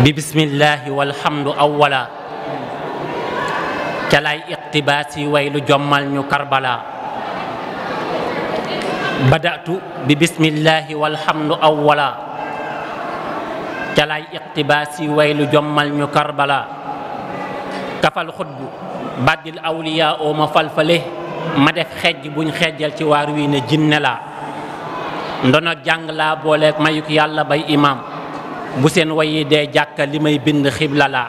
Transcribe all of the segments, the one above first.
bi bismillahi walhamdu awwala ca lay iqtibaas jommal ñu karbala badatu bi bismillahi walhamdu awwala ca lay iqtibaas yi way lu jommal ñu karbala kafal xutbu baddil awliyaa oo ma falfale ma def xej buñ xejal ci waar wi ne jinne la ndono jàng laa booleeg mayuk yàlla bay imaam bu seen wayi de jàkka li may bind xibla laa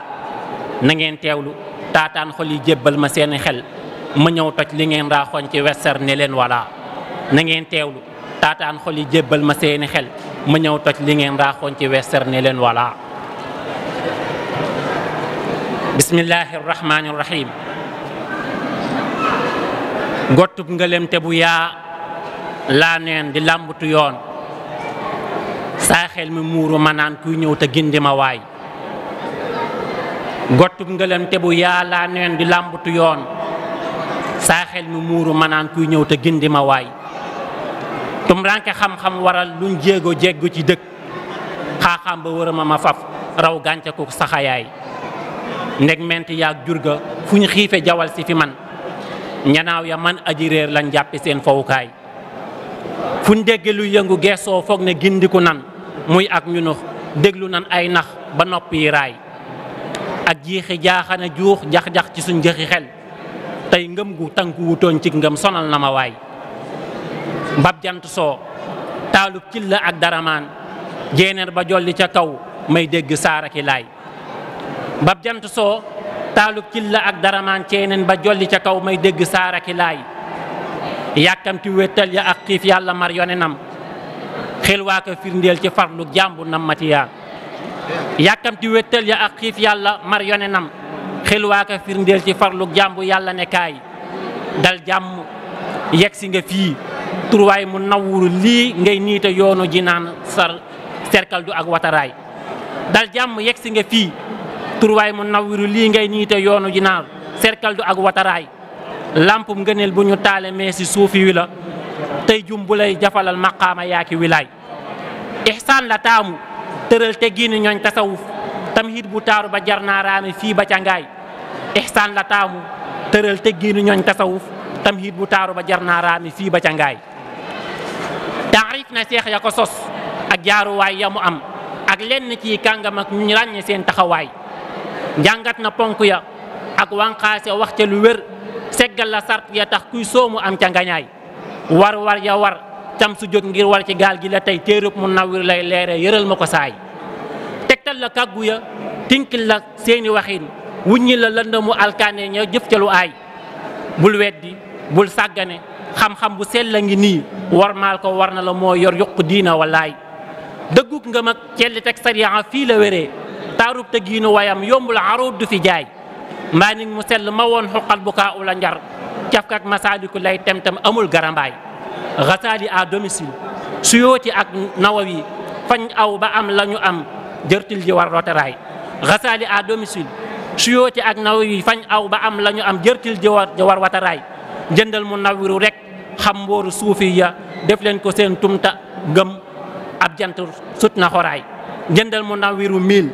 na ngeen teewlu taataan xol yi jébbal ma seeni xel ma ñëw toj li ngeen raaxoon ci wesser ne leen wala na ngeen teewlu taataan xol yi jébbal ma seeni xel ma ñëw toj li ngeen raaxoon ci wesser ne leen wala bismillahi rahmaani rahim gottub ngëlem te bu yaa laa neen di làmbatu yoon saa xel mi muuru ma naan kuy ñëw te gindi ma waay gottub ngëlante bu yàllaa neen di làmbatu yoon saaxel xel mi muuru manaan kuy ñëw te gindi ma waay tumranke xam-xam waral luñ jéego jéggu ci dëkk xaaxaam ba wërëma ma faf raw ku saxayaay ndeg ment yaag jurga fu ñu xiife jawal si fi man ñanaaw ya man aji réer lañ jàppi seen fowukaay fu ñu dégg lu yëngu geesoo foog ne gindiku nan muy ak ñu déglu nan ay nax ba noppi raay ak jiixi jaaxana juux jax-jax ci suñ jëxi xel tey ngëm gu tànku wutoon ci ngëm sonal na ma waay bab jant soo taalub cil la ak daramaan jéenéer ba jolli ca kaw may dégg saara ki laay bab jant soo taalub cil la ak daramaan ceeneen ba jolli ca kaw may dégg saara laay yàkkamti wéttal ya ak xiif yàlla mar yonenam xel waa ko firndeel ci farlu jàmbu nam matiyaa yàkkamti wéttal ya ak xiif yàlla mar yone nam xel waa ko firndeel ci farlu jàmbu yàlla ne dal jàmm yegg si nga fii turwaay mu nawuru lii ngay niita yoonu ji naan sar serkal ak wataraay dal jàmm yegg si nga fii turwaay mu nawuru lii ngay niita yoonu ji naan serkal bu ñu taale mee si wi la tey jum lay jafalal maqaama yaa ki wilaay ihsaan la taamu tëral te giinu ñooñ tasawuf tamhid bu taaru ba jar naa fii ba ca ngaay ihsaan la taamu tëral te giinu ñooñ tasawuf tamhid bu taaru ba jar naa fii ba ca ngaay na seex ya ko sos ak jaaruwaay ya mu am ak lenn ci kàngamak ñu ràññe seen taxawaay jàngat na ponk ya ak wànqaase wax ca lu wér seggal la sart ya tax kuy soomu am ca war war ya war tam su jóg ngir war ci gaal gi la tey téerub mu nawir lay leere yëral ma ko saay tegtal la kàggu ya tinkil la seeni waxin wuññi la lëndëmu alkaane ña jëf ca lu aay bul weddi bul sàggane xam-xam bu sel la ngi nii war maal ko war na la moo yor yuq diina wallaay dëggug nga mag celli teg sariya fii la wéree taarub te giinu wayam yombul aruud du fi jaay mbaa nit mu sell ma woon xuqal bu kaa ula njar cafkaak masaaliku lay temtam amul garambaay xasaali à domicile suyooti ak nawawi fañ aw ba am lañu am jërtul ji war rotaraay xasaali à domicile suyooti ak nawawi fañ aw ba am lañu am jërtil ji war war wataraay jëndal mu nawiru rek xam mbooru suufi ya def leen ko seen tumta gëm ab jant jëndal mu nawiru miil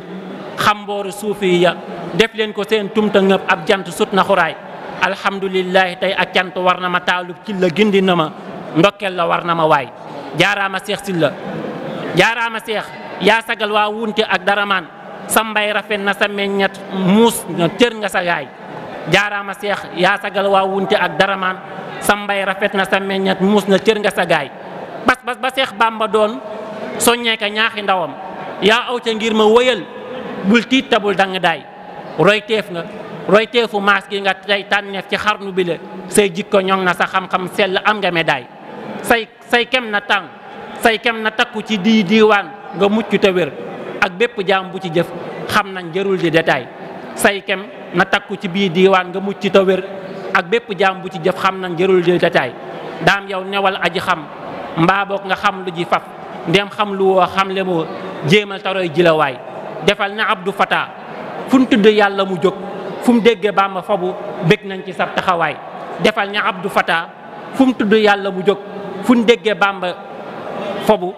xam mbooru suufi ya leen ko seen tumta ab jant sut na xoraay alhamdulilahi tey ak cant war na ma taalub ci la gindi na ma ndokkeel la war na ma waay jaaraama seex si la jaaraama seex yaa sagal waa wunte ak daramaan sa mbay rafet na sa muus tër nga sa gaay jaaraama seex yaa sagal waa wunte ak daramaan sa mbay rafet na sa meññet muus na cër nga sa gaay bas bas ba seex bàmba doon soññee ka ñaaxi ndawam yaa aw ngir ma wëyal bul tiit tabul dang daay roy teef nga royteefu maas gi nga tey tànneef ci xarnu bi la say jikko ñoŋ na sa xam-xam sell am nga médaille say say kem na tànk say kem na takku ci di diiwaan nga mucc te wér ak bépp jaam bu ci jëf xam nañ jërul di détail say kem na takku ci bii diiwaan nga mucc te ak bépp jaam bu ci jëf xam nañ jërul di détail daam yow newal aji xam mbaa boog nga xam lu ji faf ndem xam lu woo xam le moo jéemal taroy jilawaay defal na Abdou Fata fu ñu tudd yàlla mu jóg fu mu déggee Bàmba fabu bég nañ ci sab taxawaay defal ña Abdou Fata fu mu tudd yàlla mu jóg fu mu déggee Bàmba fabu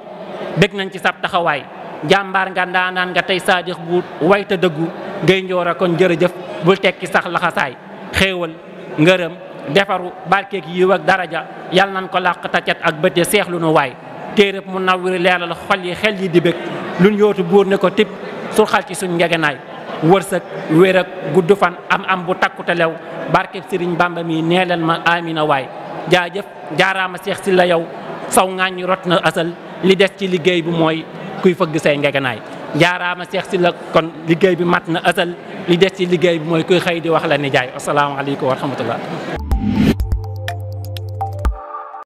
bég nañ ci sab taxawaay jàmbaar nga ndaanaan nga tey saadix bu wayta dëggu ngay njoor a kon jërëjëf bul tekki sax laxasaay xéewal ngërëm defaru barkeeg yiw ak daraja yal nañ ko làq tacet ak bëte seexlu nu waay téeréb mu nawwiri leeral xol yi xel yi di bég luñ yootu buur ne ko tip surxal ci suñ ngegenaay wërsëg wér ak gudd fan am am bu takkute lew barkeb sëriñ Bamba mi nee leen ma amina waay jaajëf jaaraama Seex la yow saw ŋaañ rot na asal li des ci liggéey bi mooy kuy fëgg say ngegenaay jaaraama Seex si Sylla kon liggéey bi mat na asal li des ci liggéey bi mooy kuy xëy di wax la ni jaay asalaamaaleykum wa